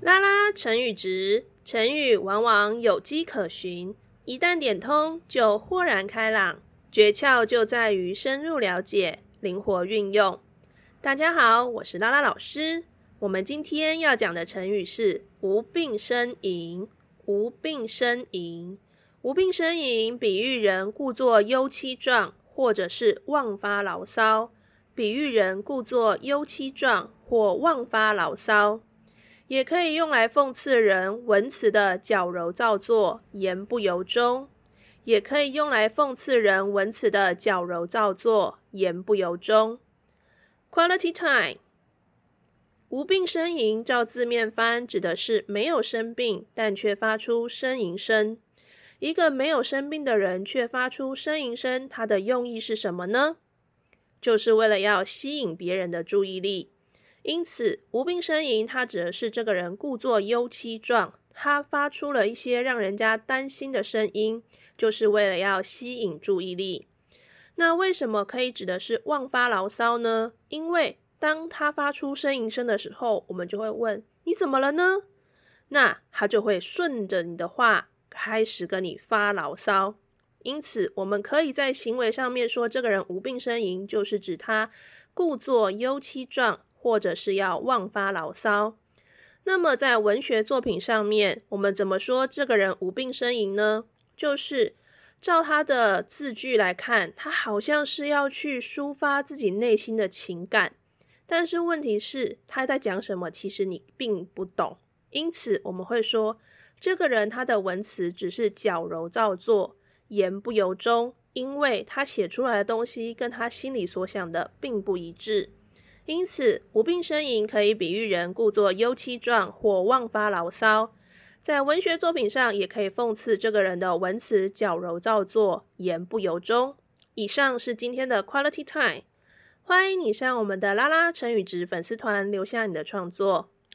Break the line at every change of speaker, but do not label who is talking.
拉拉成語質，成語往往有跡可循，一旦點通就豁然開朗。訣竅就在於深入了解，靈活運用。大家好，我是拉拉老師。我們今天要講的成語是“無病呻吟”，無病呻吟。無病呻吟，比喻人故作憂戚狀，或者是妄發牢騷；比喻人故作憂戚狀或妄發牢騷，也可以用來諷刺人文詞的矯揉造作、言不由衷；也可以用來諷刺人文詞的矯揉造作、言不由衷。Quality time，無病呻吟，照字面翻指的是沒有生病，但卻發出呻吟聲。一個沒有生病的人卻發出呻吟聲，他的用意是什麼呢？就是為了要吸引別人的注意力。因此，無病呻吟，他指的是這個人故作憂戚狀，他發出了一些讓人家擔心的聲音，就是為了要吸引注意力。那為什麼可以指的是妄發牢騷呢？因為當他發出呻吟聲的時候，我們就會問，你怎麼了呢？那他就會順着你的話。開始跟你發牢騷，因此我們可以在行為上面說這個人無病呻吟，就是指他故作憂戚狀，或者是要妄發牢騷。那麼在文學作品上面，我們怎麼說這個人無病呻吟呢？就是照他的字句來看，他好像是要去抒發自己內心的情感，但是問題是他在講什麼，其實你並不懂。因此，我們會說，這個人他的文辭只是矯揉造作，言不由衷，因為他寫出來的東西跟他心裡所想的並不一致。因此，無病呻吟可以比喻人故作憂戚狀或妄發牢騷，在文學作品上也可以諷刺這個人的文辭矯揉造作，言不由衷。以上是今天的 Quality Time，歡迎你上我們的拉拉成語質粉絲團留下你的創作。